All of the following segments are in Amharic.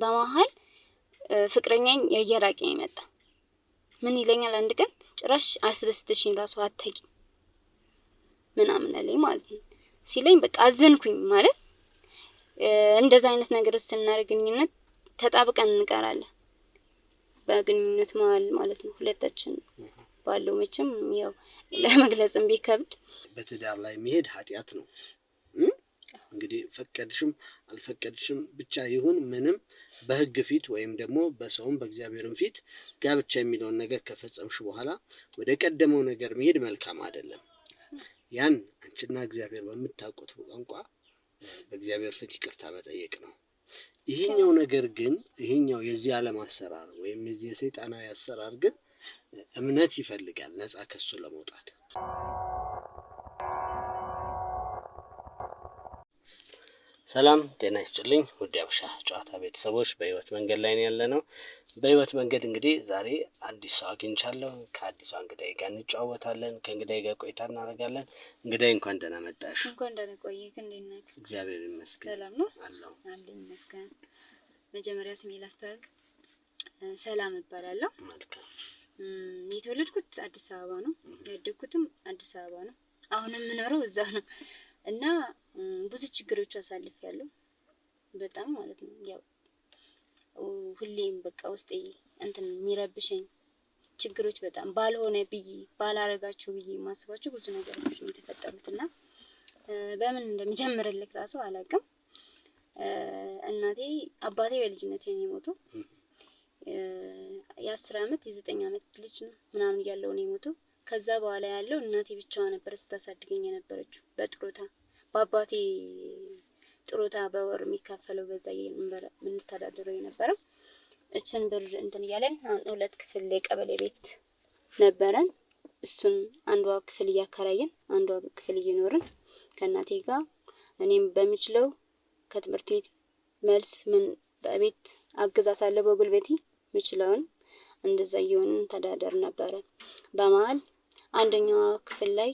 በመሀል ፍቅረኛኝ እየራቀኝ መጣ። ምን ይለኛል? አንድ ቀን ጭራሽ አስደስተሽኝ ራሱ አታውቂም ምናምን አለኝ ማለት ነው። ሲለኝ በቃ አዘንኩኝ። ማለት እንደዛ አይነት ነገሮች ስናደርግ ግንኙነት ተጣብቀን እንቀራለን። በግንኙነት መሀል ማለት ነው ሁለታችን ባለው መቼም ያው ለመግለጽም ቢከብድ በትዳር ላይ መሄድ ኃጢአት ነው። እንግዲህ ፈቀድሽም አልፈቀድሽም ብቻ ይሁን ምንም በህግ ፊት ወይም ደግሞ በሰውም በእግዚአብሔርም ፊት ጋብቻ የሚለውን ነገር ከፈጸምሽ በኋላ ወደ ቀደመው ነገር መሄድ መልካም አይደለም። ያን አንቺና እግዚአብሔር በምታውቁት ቋንቋ በእግዚአብሔር ፊት ይቅርታ መጠየቅ ነው። ይህኛው ነገር ግን ይህኛው የዚህ ዓለም አሰራር ወይም የዚህ የሰይጣናዊ አሰራር ግን እምነት ይፈልጋል ነፃ ከሱ ለመውጣት ሰላም ጤና ይስጥልኝ ውድ አበሻ ጨዋታ ቤተሰቦች፣ በህይወት መንገድ ላይ ያለ ነው። በህይወት መንገድ እንግዲህ ዛሬ አዲስ ሰው አግኝቻለሁ። ከአዲሷ እንግዳይ ጋር እንጫወታለን። ከእንግዳይ ጋር ቆይታ እናደርጋለን። እንግዳይ እንኳን ደህና መጣሽ። እንኳን ደህና ቆየህ። እንዴት ነህ? እግዚአብሔር ይመስገን። ሰላም ነው አለሁ። አለኝ ይመስገን። መጀመሪያ ስሜ ላስተዋውቅ፣ ሰላም እባላለሁ። መልካም። የተወለድኩት አዲስ አበባ ነው፣ ያደግኩትም አዲስ አበባ ነው። አሁንም የምኖረው እዛ ነው። እና ብዙ ችግሮች አሳልፍ ያለው በጣም ማለት ነው። ያው ሁሌም በቃ ውስጤ እንትን የሚረብሸኝ ችግሮች በጣም ባልሆነ ብዬ ባላረጋቸው ብዬ የማስባቸው ብዙ ነገሮች ነው የተፈጠሩት እና በምን እንደሚጀምርልክ ራሱ አላውቅም። እናቴ አባቴ በልጅነት ነው የአስር አመት የዘጠኝ አመት ልጅ ነው ምናምን እያለው ነው የሞተው ከዛ በኋላ ያለው እናቴ ብቻዋ ነበር ስታሳድገኝ የነበረችው በጥሮታ በአባቴ ጥሮታ በወር የሚካፈለው በዛ የምንተዳደረው የነበረው እችን ብር እንትን እያለን ሁለት ክፍል የቀበሌ ቤት ነበረን። እሱን አንዷ ክፍል እያከራየን አንዷ ክፍል እየኖርን ከእናቴ ጋር እኔም በምችለው ከትምህርት ቤት መልስ ምን በቤት አግዛታለሁ በጉልበቴ ምችለውን እንደዛ እየሆንን ተዳደር ነበረ በመሀል አንደኛው ክፍል ላይ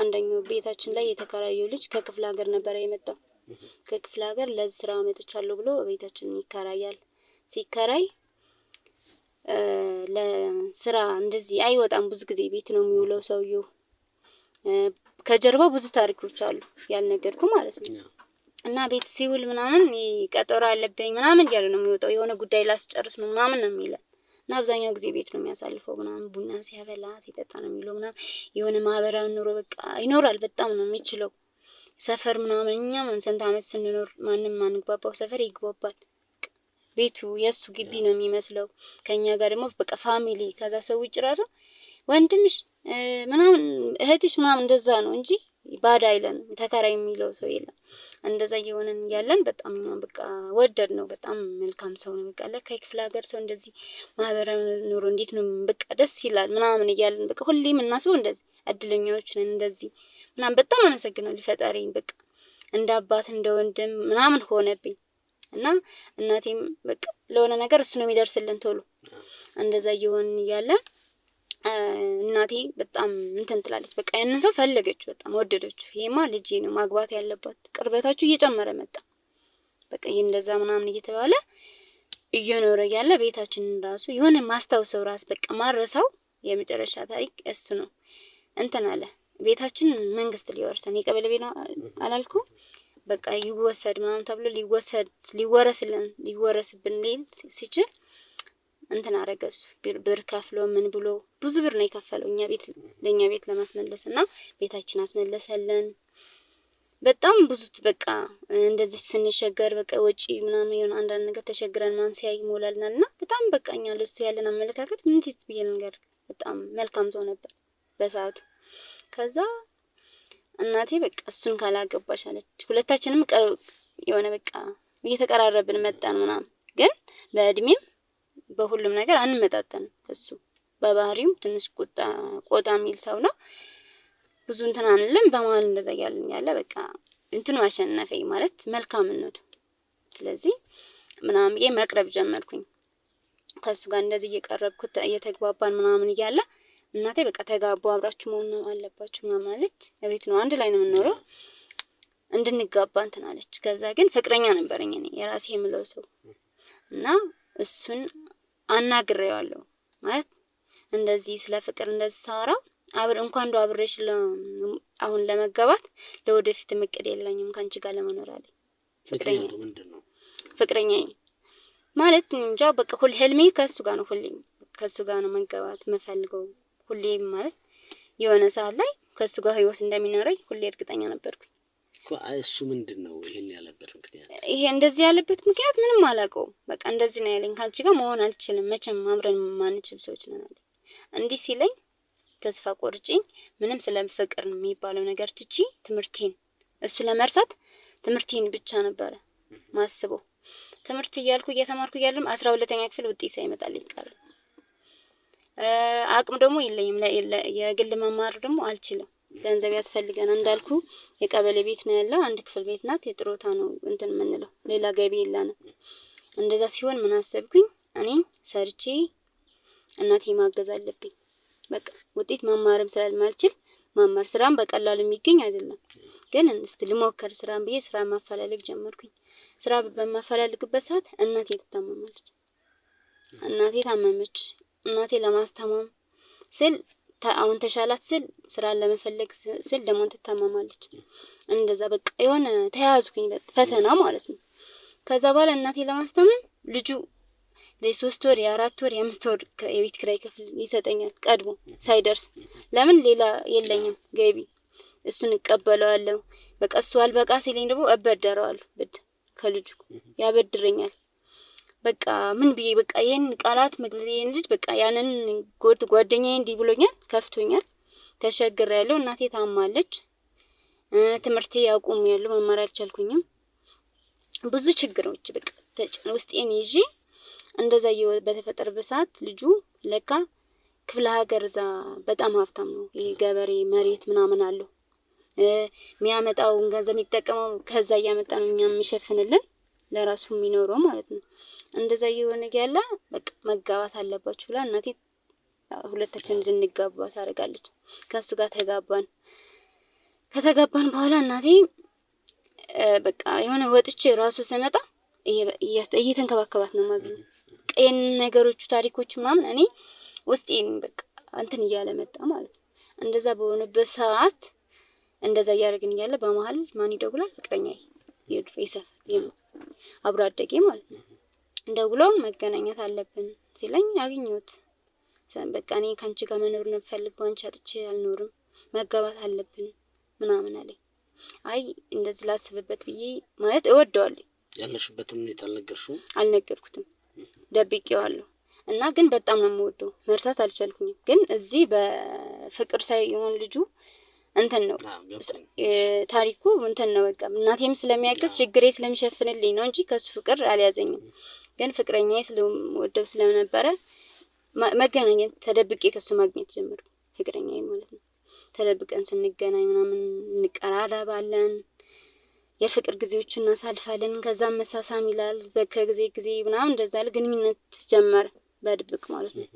አንደኛው ቤታችን ላይ የተከራየው ልጅ ከክፍለ ሀገር ነበረ የመጣው። ከክፍለ ሀገር ለዚህ ስራ መጥቻለሁ ብሎ ቤታችን ይከራያል። ሲከራይ ለስራ እንደዚህ አይወጣም። ብዙ ጊዜ ቤት ነው የሚውለው ሰውየው። ከጀርባው ብዙ ታሪኮች አሉ ያልነገርኩ ማለት ነው። እና ቤት ሲውል ምናምን ቀጠሮ አለብኝ ምናምን እያለ ነው የሚወጣው። የሆነ ጉዳይ ላስጨርስ ነው ምናምን ነው የሚለን እና አብዛኛው ጊዜ ቤት ነው የሚያሳልፈው ምናምን ቡና ሲያበላ ሲጠጣ ነው የሚለው ምናምን የሆነ ማህበራዊ ኑሮ በቃ ይኖራል። በጣም ነው የሚችለው ሰፈር ምናምን እኛም ስንት ዓመት ስንኖር ማንም ማንግባባው ሰፈር ይግባባል። ቤቱ የእሱ ግቢ ነው የሚመስለው። ከኛ ጋር ደግሞ በቃ ፋሚሊ ከዛ ሰው ውጭ ራሱ ወንድምሽ ምናምን እህትሽ ምናምን እንደዛ ነው እንጂ ባድ አይለንም፣ ተከራይ የሚለው ሰው የለም። እንደዛ እየሆነን እያለን በጣም በቃ ወደድ ነው። በጣም መልካም ሰው ነው። በቃ ለካ የክፍለ ሀገር ሰው እንደዚህ ማህበራዊ ኑሮ እንዴት ነው በቃ ደስ ይላል ምናምን እያለን በቃ ሁሌ የምናስበው እንደዚህ እድለኛዎች ነን እንደዚህ ምናምን። በጣም አመሰግናለሁ ፈጣሪን በቃ እንደ አባት እንደ ወንድም ምናምን ሆነብኝ እና እናቴም በቃ ለሆነ ነገር እሱ ነው የሚደርስልን ቶሎ እንደዛ እየሆን እያለን እናቴ በጣም እንትን ትላለች። በቃ ያንን ሰው ፈለገች፣ በጣም ወደደች። ይሄማ ልጅ ነው ማግባት ያለባት። ቅርበታችሁ እየጨመረ መጣ። በቃ ይህ እንደዛ ምናምን እየተባለ እየኖረ ያለ ቤታችንን ራሱ የሆነ ማስታውሰው ራስ በቃ ማረሰው የመጨረሻ ታሪክ እሱ ነው። እንትን አለ ቤታችን መንግስት ሊወርሰን የቀበሌ ቤት ነው አላልኩ በቃ ይወሰድ ምናምን ተብሎ ሊወሰድ ሊወረስልን ሊወረስብን ሊል ሲችል እንትን አረገ እሱ ብር ከፍሎ ምን ብሎ ብዙ ብር ነው የከፈለው እኛ ቤት ለእኛ ቤት ለማስመለስ እና ቤታችን አስመለሰለን። በጣም ብዙ በቃ እንደዚህ ስንሸገር በቃ ወጪ ምናምን የሆነ አንዳንድ ነገር ተሸግረን ምናምን ሲያይ ይሞላልናል እና በጣም በቃ እኛ ለሱ ያለን አመለካከት እንዴት ብዬ ነገር በጣም መልካም ሰው ነበር በሰዓቱ። ከዛ እናቴ በቃ እሱን ካላገባሽ አለች። ሁለታችንም የሆነ በቃ እየተቀራረብን መጣን ምናምን ግን በእድሜም በሁሉም ነገር አንመጣጠንም። እሱ በባህሪው ትንሽ ቁጣ ቆጣ የሚል ሰው ነው። ብዙ እንትን አንልም። በመሀል እንደዛ እያልን ያለ በቃ እንትኑ አሸነፈኝ ማለት መልካምነቱ። ስለዚህ ምናምን ብዬ መቅረብ ጀመርኩኝ ከሱ ጋር እንደዚህ እየቀረብኩ እየተግባባን ምናምን እያለ እናቴ በቃ ተጋቡ አብራችሁ መሆን ነው አለባችሁ ምናምን አለች። ቤት ነው አንድ ላይ ነው የምንኖረው እንድንጋባ እንትን አለች። ከዛ ግን ፍቅረኛ ነበረኝ እኔ የራሴ የምለው ሰው እና እሱን አናግሬዋለሁ ማለት እንደዚህ ስለ ፍቅር እንደዚህ ሳወራ አብር እንኳን እንደው አብሬሽ አሁን ለመገባት ለወደፊት እቅድ የለኝም ከአንቺ ጋር ለመኖር አለኝ። ፍቅረኛ ፍቅረኛ ማለት እንጃ በቃ ሁል ህልሜ ከእሱ ጋር ነው። ሁሌ ከእሱ ጋር ነው መገባት የምፈልገው። ሁሌ ማለት የሆነ ሰዓት ላይ ከእሱ ጋር ህይወት እንደሚኖረኝ ሁሌ እርግጠኛ ነበርኩኝ። እሱ ምንድን ነው ይሄን ያለበት ምክንያት? ይሄ እንደዚህ ያለበት ምክንያት ምንም አላውቀውም። በቃ እንደዚህ ነው ያለኝ። ከአንቺ ጋር መሆን አልችልም፣ መቼም አብረን ማንችል ሰዎች ነን አለ። እንዲህ ሲለኝ ተስፋ ቆርጭኝ፣ ምንም ስለ ፍቅር የሚባለው ነገር ትቺ ትምህርቴን እሱ ለመርሳት ትምህርቴን ብቻ ነበረ ማስበው። ትምህርት እያልኩ እየተማርኩ እያለም አስራ ሁለተኛ ክፍል ውጤት ሳይመጣልኝ ቀረ። አቅም ደግሞ የለኝም፣ የግል መማር ደግሞ አልችልም። ገንዘብ ያስፈልገን እንዳልኩ የቀበሌ ቤት ነው ያለው። አንድ ክፍል ቤት ናት። የጥሮታ ነው እንትን የምንለው ሌላ ገቢ የለንም። እንደዛ ሲሆን ምን አሰብኩኝ እኔ ሰርቼ እናቴ ማገዝ አለብኝ። በቃ ውጤት መማርም ስላልማልችል መማር ስራም በቀላሉ የሚገኝ አይደለም፣ ግን እስቲ ልሞከር ስራም ብዬ ስራ ማፈላለግ ጀመርኩኝ። ስራ በማፈላልግበት ሰዓት እናቴ ትታመማለች። እናቴ ታመመች። እናቴ ለማስታመም ስል አሁን ተሻላት ስል ስራ ለመፈለግ ስል ደግሞ ትታመማለች። እንደዛ በቃ የሆነ ተያያዝኩኝ ፈተና ማለት ነው። ከዛ በኋላ እናቴ ለማስታመም ልጁ የሶስት ወር የአራት ወር የአምስት ወር የቤት ክራይ ክፍል ይሰጠኛል ቀድሞ ሳይደርስ። ለምን ሌላ የለኝም ገቢ፣ እሱን እቀበለዋለሁ። በቃ እሱ አልበቃ ሲለኝ ደግሞ እበደረዋለሁ። ብድ ከልጁ ያበድረኛል በቃ ምን ብዬ በቃ ይሄን ቃላት መግለጽ ልጅ በቃ ያንን ጎድ ጓደኛዬ እንዲህ ብሎኛል፣ ከፍቶኛል፣ ተሸግር ያለው እናቴ ታማለች፣ ትምህርቴ ያቁም ያለው መማር አልቻልኩኝም፣ ብዙ ችግሮች በቃ ውስጤን ይዤ እንደዛ በተፈጠረበት ሰዓት ልጁ ለካ ክፍለ ሀገር እዛ በጣም ሀብታም ነው። ይሄ ገበሬ መሬት ምናምን አለው የሚያመጣውን ገንዘብ የሚጠቀመው ከዛ እያመጣ ነው እኛ የሚሸፍንልን ለራሱ የሚኖረው ማለት ነው። እንደዛ እየሆነ ያለ በቃ መጋባት አለባችሁ ብላ እናቴ ሁለታችን እንድንጋባ ታደርጋለች። ከሱ ጋር ተጋባን። ከተጋባን በኋላ እናቴ በቃ የሆነ ወጥቼ ራሱ ስመጣ እየተንከባከባት ነው ማገኘ ቀን ነገሮቹ ታሪኮች ምናምን እኔ ውስጤን በቃ እንትን እያለ መጣ ማለት ነው። እንደዛ በሆነበት ሰዓት እንደዛ እያደረግን እያለ በመሀል ማን ይደውላል? ፍቅረኛ የሰፈር አብሮ አደጌ ማለት ነው እንደውሎ መገናኘት አለብን ሲለኝ አግኘሁት። በቃ እኔ ከአንቺ ጋር መኖር ነው የምፈልገው፣ አንቺ አጥቼ አልኖርም፣ መጋባት አለብን ምናምን አለኝ። አይ እንደዚህ ላስብበት ብዬ ማለት እወደዋለሁ። ያለሽበትን ሁኔታ አልነገርሽው? አልነገርኩትም፣ ደብቄዋለሁ። እና ግን በጣም ነው የምወደው፣ መርሳት አልቻልኩኝም። ግን እዚህ በፍቅር ሳይሆን ልጁ እንትን ነው ታሪኩ እንትን ነው በቃ እናቴም ስለሚያገዝ ችግሬ ስለሚሸፍንልኝ ነው እንጂ ከሱ ፍቅር አልያዘኝም። ግን ፍቅረኛዬ ስለምወደው ስለነበረ መገናኘት ተደብቄ ከሱ ማግኘት ጀመርኩ። ፍቅረኛዬ ማለት ነው። ተደብቀን ስንገናኝ ምናምን እንቀራረባለን፣ የፍቅር ጊዜዎች እናሳልፋለን። ከዛም መሳሳም ይላል ከጊዜ ጊዜ ምናምን እንደዛ ግንኙነት ጀመር በድብቅ ማለት ነው።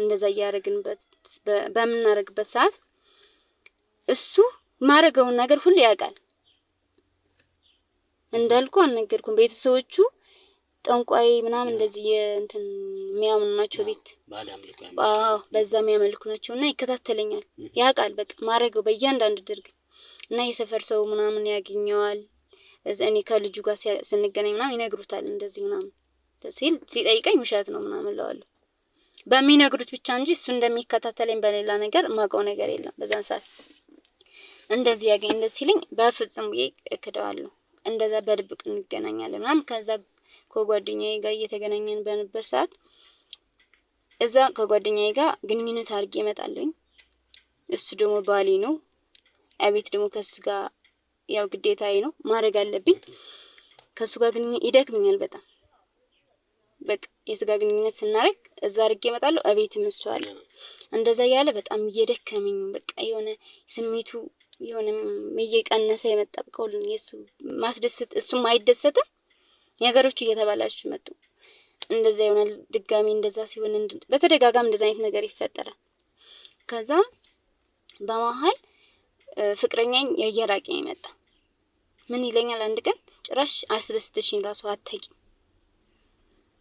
እንደዛ እያደረግንበት በምናደርግበት ሰዓት እሱ ማረገውን ነገር ሁሉ ያውቃል። እንዳልኩ አልነገርኩም ቤተሰቦቹ ጠንቋይ ምናምን እንደዚህ የእንትን የሚያምኑ ናቸው። ቤት አዎ፣ በዛ የሚያመልኩ ናቸው። እና ይከታተለኛል፣ ያውቃል በቃ ማድረገው በእያንዳንዱ ድርጊት እና የሰፈር ሰው ምናምን ያገኘዋል። እኔ ከልጁ ጋር ስንገናኝ ምናምን ይነግሩታል እንደዚህ ምናምን ሲል ሲጠይቀኝ ውሸት ነው ምናምን እለዋለሁ። በሚነግሩት ብቻ እንጂ እሱ እንደሚከታተለኝ በሌላ ነገር ማውቀው ነገር የለም። በዛን ሰዓት እንደዚህ ያገኝ እንደዚህ ሲልኝ በፍጹም ብዬ እክደዋለሁ። እንደዛ በድብቅ እንገናኛለን ምናምን ከዛ ከጓደኛዬ ጋር እየተገናኘን በነበር ሰዓት እዛ ከጓደኛዬ ጋር ግንኙነት አድርጌ እመጣለኝ። እሱ ደግሞ ባሌ ነው። አቤት ደግሞ ከሱ ጋር ያው ግዴታዬ ነው ማድረግ አለብኝ። ከሱ ጋር ግንኙነት ይደክመኛል በጣም በቃ የስጋ ግንኙነት ስናደርግ እዛ አድርጌ እመጣለሁ። አቤትም እሱ አለ። እንደዛ ያለ በጣም እየደከመኝ በቃ የሆነ ስሜቱ የሆነ እየቀነሰ የመጣ በቃ ሁሉ የሱ ማስደሰት እሱም አይደሰትም ነገሮች እየተባላች መጡ። እንደዛ ይሆናል ድጋሚ እንደዛ ሲሆን በተደጋጋሚ እንደዛ አይነት ነገር ይፈጠራል። ከዛ በመሀል ፍቅረኛኝ የየራቀኝ መጣ። ምን ይለኛል አንድ ቀን ጭራሽ አስደስትሽኝ ራሱ አታውቂም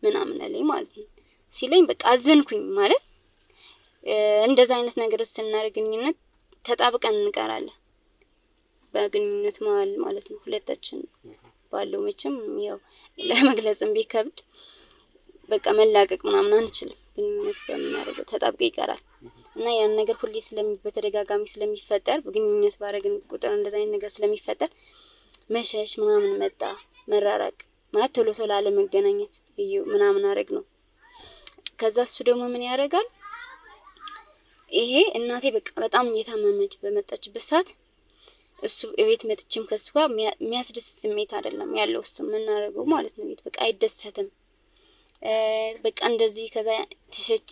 ምናምን አለኝ ማለት ነው። ሲለኝ በቃ አዘንኩኝ ማለት እንደዛ አይነት ነገሮች ስናደርግ ግንኙነት ተጣብቀን እንቀራለን። በግንኙነት መዋል ማለት ነው ሁለታችን አውቃለሁ። መቼም ያው ለመግለጽም ቢከብድ በቃ መላቀቅ ምናምን አንችልም። ግንኙነት በምናደርገው ተጣብቆ ይቀራል እና ያን ነገር ሁሌ በተደጋጋሚ ስለሚፈጠር ግንኙነት ባረግን ቁጥር እንደዛ አይነት ነገር ስለሚፈጠር መሸሽ ምናምን መጣ መራራቅ ማለት ቶሎ ቶሎ አለመገናኘት እዩ ምናምን አረግ ነው። ከዛ እሱ ደግሞ ምን ያደርጋል ይሄ እናቴ በቃ በጣም እየታመመች በመጣችበት ሰዓት እሱ ቤት መጥቼም ከሱ ጋር የሚያስደስት ስሜት አይደለም ያለው። እሱ የምናደርገው ማለት ነው ቤት በቃ አይደሰትም። በቃ እንደዚህ ከዛ ትሸች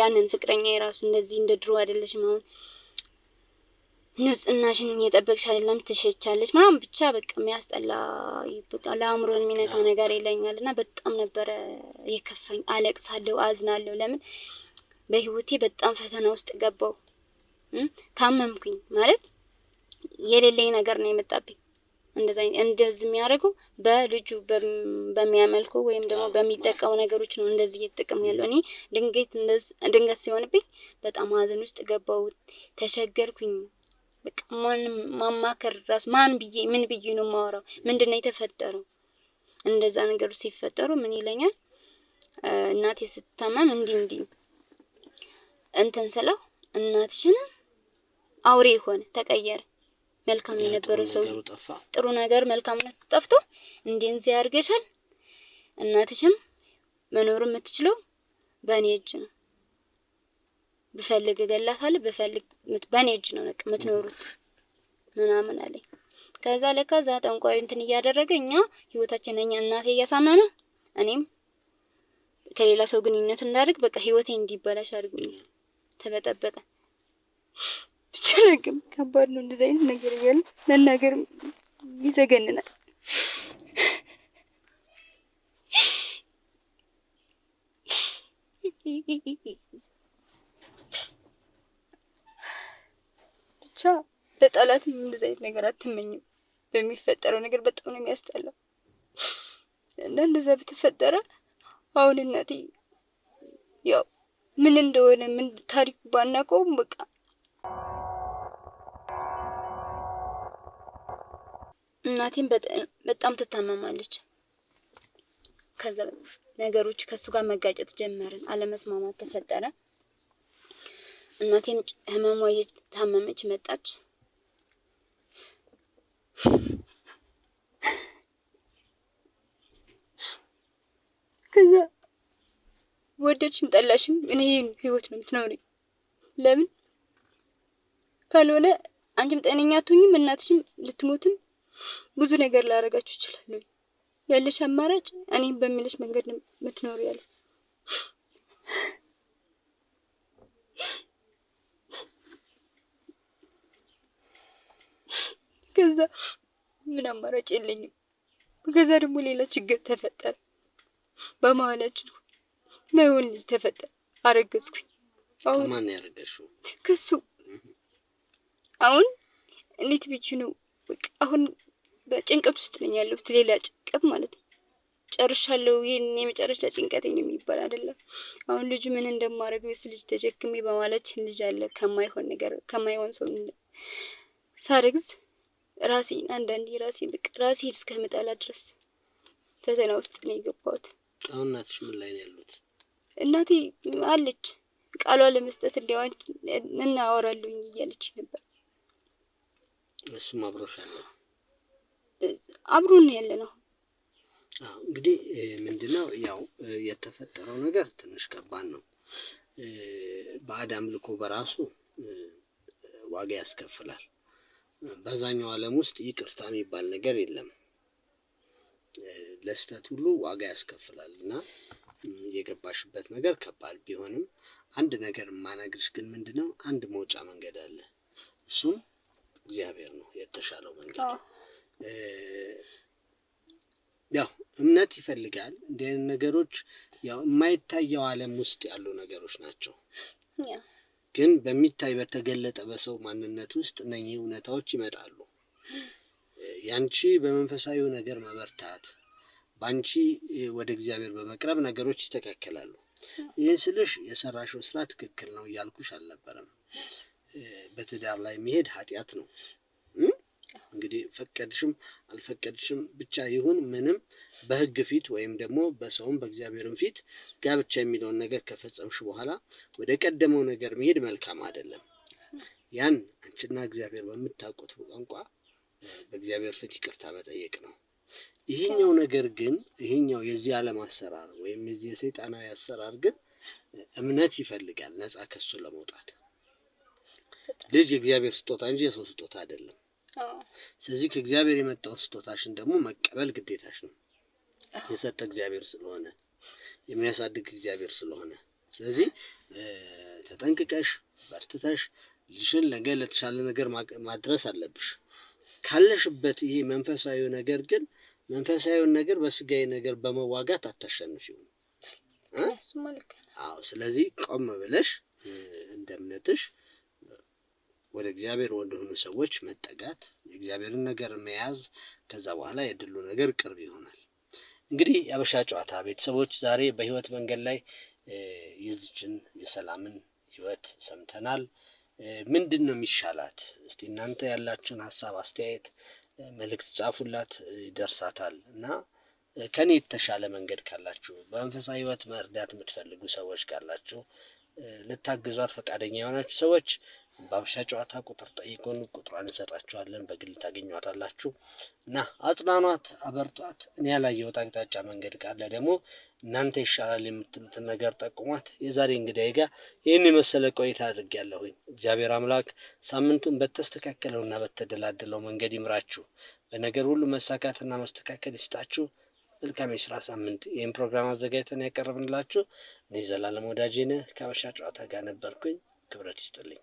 ያንን ፍቅረኛ የራሱ እንደዚህ እንደ ድሮ አይደለሽም አሁን ንጽህናሽን እየጠበቅሽ አይደለም ትሸቻለች ምናምን ብቻ በቃ የሚያስጠላ ለአእምሮን የሚነካ ነገር ይለኛል እና በጣም ነበረ የከፋኝ። አለቅሳለሁ፣ አዝናለሁ። ለምን በህይወቴ በጣም ፈተና ውስጥ ገባው ታመምኩኝ ማለት የሌለኝ ነገር ነው የመጣብኝ። እንደዛ እንደዚህ የሚያደርገው በልጁ በሚያመልኩ ወይም ደግሞ በሚጠቀሙ ነገሮች ነው እንደዚህ እየተጠቀሙ ያለው። እኔ ድንገት ድንገት ሲሆንብኝ በጣም ሀዘን ውስጥ ገባው፣ ተቸገርኩኝ። በቃ ማን ማማከር ራስ ማን ብዬ ምን ብዬ ነው የማወራው? ምንድን ነው የተፈጠረው? እንደዛ ነገሮች ሲፈጠሩ ምን ይለኛል እናቴ ስትታመም እንዲህ እንዲህ እንትን ስለው እናትሽንም አውሬ ሆነ ተቀየረ መልካም የነበረው ሰው ጥሩ ነገር መልካምነቱ ጠፍቶ እንደዚህ ያርገሻል። እናትሽም መኖር የምትችለው በእኔ እጅ ነው። ብፈልግ እገላታለሁ፣ ብፈልግ በእኔ እጅ ነው በቃ የምትኖሩት ምናምን አለኝ። ከዛ ለካ እዛ እንትን እያደረገ እኛ ህይወታችን እኛ እናቴ እያሳመመ እኔም ከሌላ ሰው ግንኙነት እንዳደርግ በቃ ህይወቴ እንዲበላሽ አድርጎኛል። ተበጠበጠ። ብቻ ነገም ከባድ ነው። እንደዚህ አይነት ነገር እያለ ለናገር ይዘገንናል። ብቻ ለጠላት እንደዚህ አይነት ነገር አትመኝም። በሚፈጠረው ነገር በጣም ነው የሚያስጠላው እና እንደዛ በተፈጠረ አሁን እናቴ ያው ምን እንደሆነ ምን ታሪኩ ባናውቀውም በቃ እናቴም በጣም ትታመማለች። ከዛ ነገሮች ከእሱ ጋር መጋጨት ጀመርን። አለመስማማት ተፈጠረ። እናቴም ህመሟ እየታመመች መጣች። ከዛ ወደድሽም ጠላሽም እኔ ይህን ህይወት ነው የምትኖሪ። ለምን ካልሆነ አንቺም ጤነኛ አትሆኝም፣ እናትሽም ልትሞትም ብዙ ነገር ላደርጋችሁ እችላለሁ። ያለሽ አማራጭ እኔም በሚልሽ መንገድ የምትኖሪ ያለ ከዛ ምን አማራጭ የለኝም። ከዛ ደግሞ ሌላ ችግር ተፈጠረ በመሀላችን ማይሆን ልጅ ተፈጠረ። አረገዝኩኝ። አሁን ማን ያረገሽው? ከሱ አሁን እንዴት ብዬሽ ነው አሁን በጭንቀት ውስጥ ነኝ ያለሁት፣ ሌላ ጭንቀት ማለት ነው። ጨርሻለሁ። ይህን የመጨረሻ ጭንቀት ነው የሚባል አይደለም። አሁን ልጁ ምን እንደማደርገው የሱ ልጅ ተሸክሜ በማለችን ልጅ አለ ከማይሆን ነገር ከማይሆን ሰው ሳርግዝ ራሴን አንዳንዴ ራሴ በቃ ራሴ እስከምጠላ ድረስ ፈተና ውስጥ ነው የገባሁት። አሁን እናትሽ ምን ላይ ነው ያሉት? እናቴ አለች ቃሏ ለመስጠት እንዲያዋን እናወራለሁኝ እያለች ነበር። እሱም አብሮሻል ነው አብሮን ያለ ነው። እንግዲህ ምንድነው ያው የተፈጠረው ነገር ትንሽ ከባድ ነው። በአዳም አምልኮ በራሱ ዋጋ ያስከፍላል። በዛኛው ዓለም ውስጥ ይቅርታ የሚባል ነገር የለም። ለስተት ሁሉ ዋጋ ያስከፍላል እና የገባሽበት ነገር ከባድ ቢሆንም አንድ ነገር የማናግርሽ ግን ምንድነው አንድ መውጫ መንገድ አለ። እሱም እግዚአብሔር ነው የተሻለው መንገድ ያው እምነት ይፈልጋል። እንደ ነገሮች ያው የማይታየው ዓለም ውስጥ ያሉ ነገሮች ናቸው። ግን በሚታይ በተገለጠ በሰው ማንነት ውስጥ እነኚህ እውነታዎች ይመጣሉ። ያንቺ በመንፈሳዊው ነገር መበርታት፣ በአንቺ ወደ እግዚአብሔር በመቅረብ ነገሮች ይስተካከላሉ። ይህን ስልሽ የሰራሽው ስራ ትክክል ነው እያልኩሽ አልነበረም። በትዳር ላይ መሄድ ኃጢአት ነው። እንግዲህ ፈቀድሽም አልፈቀድሽም ብቻ ይሁን ምንም በህግ ፊት ወይም ደግሞ በሰውም በእግዚአብሔርም ፊት ጋብቻ የሚለውን ነገር ከፈጸምሽ በኋላ ወደ ቀደመው ነገር መሄድ መልካም አይደለም። ያን አንቺና እግዚአብሔር በምታውቁት ቋንቋ በእግዚአብሔር ፊት ይቅርታ መጠየቅ ነው። ይህኛው ነገር ግን ይህኛው የዚህ ዓለም አሰራር ወይም የዚህ የሰይጣናዊ አሰራር ግን እምነት ይፈልጋል ነፃ ከሱ ለመውጣት ልጅ የእግዚአብሔር ስጦታ እንጂ የሰው ስጦታ አይደለም። ስለዚህ ከእግዚአብሔር የመጣው ስጦታሽን ደግሞ መቀበል ግዴታሽ ነው። የሰጠ እግዚአብሔር ስለሆነ የሚያሳድግ እግዚአብሔር ስለሆነ፣ ስለዚህ ተጠንቅቀሽ በርትተሽ ልጅሽን ነገ ለተሻለ ነገር ማድረስ አለብሽ። ካለሽበት ይሄ መንፈሳዊ ነገር ግን መንፈሳዊውን ነገር በስጋዊ ነገር በመዋጋት አታሸንፊውም አዎ፣ ስለዚህ ቆም ብለሽ እንደ እምነትሽ ወደ እግዚአብሔር ወደሆኑ ሰዎች መጠጋት፣ የእግዚአብሔርን ነገር መያዝ፣ ከዛ በኋላ የድሉ ነገር ቅርብ ይሆናል። እንግዲህ የአበሻ ጨዋታ ቤተሰቦች ዛሬ በህይወት መንገድ ላይ ይዝችን የሰላምን ህይወት ሰምተናል። ምንድን ነው የሚሻላት? እስቲ እናንተ ያላችሁን ሀሳብ አስተያየት መልእክት ጻፉላት፣ ይደርሳታል እና ከኔ የተሻለ መንገድ ካላችሁ በመንፈሳዊ ህይወት መርዳት የምትፈልጉ ሰዎች ካላችሁ ልታግዟት ፈቃደኛ የሆናችሁ ሰዎች በአበሻ ጨዋታ ቁጥር ጠይቁን፣ ቁጥሯን እንሰጣችኋለን። በግል ታገኟታላችሁ እና አጽናኗት፣ አበርቷት። እኔ ያላየሁት አቅጣጫ መንገድ ካለ ደግሞ እናንተ ይሻላል የምትሉትን ነገር ጠቁሟት። የዛሬ እንግዳይ ጋር ይህን የመሰለ ቆይታ አድርጌያለሁኝ። እግዚአብሔር አምላክ ሳምንቱን በተስተካከለውና በተደላደለው መንገድ ይምራችሁ፣ በነገር ሁሉ መሳካትና መስተካከል ይስጣችሁ። መልካም የስራ ሳምንት። ይህን ፕሮግራም አዘጋጅተን ያቀረብንላችሁ እኔ ዘላለም ወዳጄ ነህ ከአበሻ ጨዋታ ጋር ነበርኩኝ። ክብረት ይስጥልኝ።